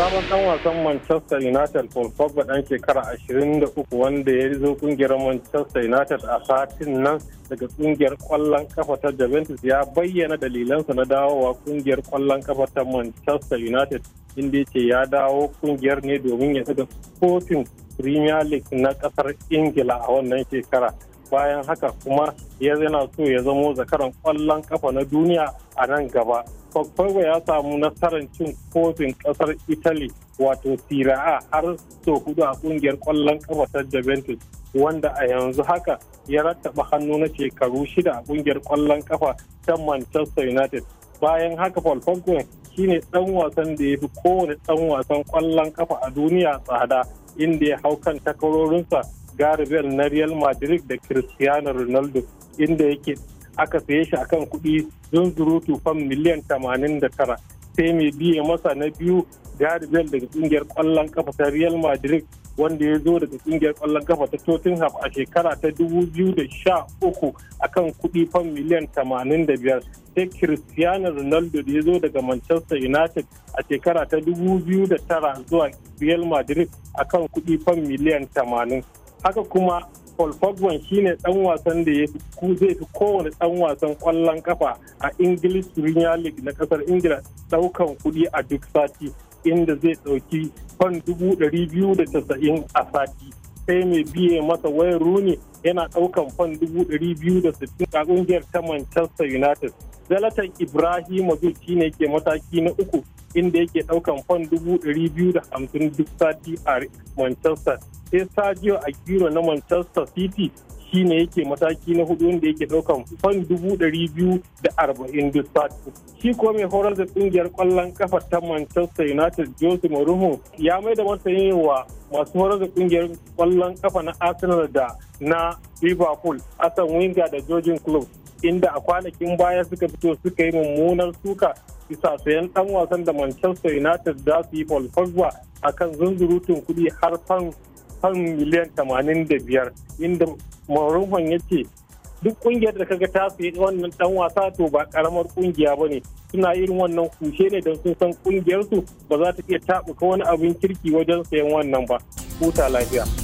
sabon dan wasan Manchester United Paul Pogba dan shekara 23 wanda ya zo kungiyar Manchester United a satin nan daga kungiyar kwallon kafa ta Juventus ya bayyana dalilansa na dawowa kungiyar kwallon kafa ta Manchester United inda ya ce ya dawo kungiyar ne domin ya daga kofin Premier League na kasar Ingila a wannan shekara. Bayan haka kuma ya zana so ya zamo zakaran kwallon kafa na duniya a nan gaba. Pogba ya samu nasarar cin kofin kasar Italy wato Serie har sau hudu a kungiyar kwallon kafa ta Juventus wanda a yanzu haka ya rattaba hannu na shekaru shida a kungiyar kwallon kafa ta Manchester United. Bayan haka Paul Pogba shine dan wasan da ya fi kowane dan wasan kwallon kafa a duniya tsada inda ya hau kan takarorinsa Garibel na Real Madrid da Cristiano Ronaldo inda yake aka saye shi akan kuɗi zunzurutu fam miliyan tara, sai mai biye masa na biyu Gary Bell daga ƙungiyar ƙwallon kafa ta Real Madrid wanda ya zo daga ƙungiyar ƙwallon kafa ta Tottenham a shekara ta da sha uku akan kuɗi fam miliyan tamanin da biyar. sai Cristiano Ronaldo da ya zo daga Manchester United a shekara ta dubu biyu da tara zuwa Real Madrid akan kuɗi fam miliyan tamanin. haka kuma Paul Pogba shine dan wasan da ya ku zai fi kowane dan wasan kwallon kafa a English Premier League na kasar Ingila daukan kuɗi a duk sati inda zai ɗauki fan dubu dari biyu da tasa'in a sati sai mai biye masa wayar runi yana ɗaukan fan dubu dari biyu da sittin a kungiyar ta Manchester United. Zalatan Ibrahimovic shine ke mataki na uku inda yake ɗaukan fan dubu dari biyu da hamsin duk sati a Manchester sai Sadio Aguero na manchester city shine yake mataki na hudu wanda yake daukan fan dubu dari biyu da arba'in da sati shi kuwa mai horar da kungiyar kwallon kafa ta manchester united jose mourinho ya mai da martani wa masu horar da kungiyar kwallon kafa na arsenal da na liverpool asan winger da jojin club inda a kwanakin baya suka fito suka yi mummunar suka bisa sayan dan wasan da manchester united za su yi paul pogba akan zunzurutun kuɗi har fan kan miliyan 85 inda Mourinho ya ce duk kungiyar da kaga ta fi wannan dan wasa to ba karamar kungiya bane suna irin wannan kushe ne don sun san kungiyar ba za ta iya tabuka wani abin kirki wajen sayan wannan ba huta lafiya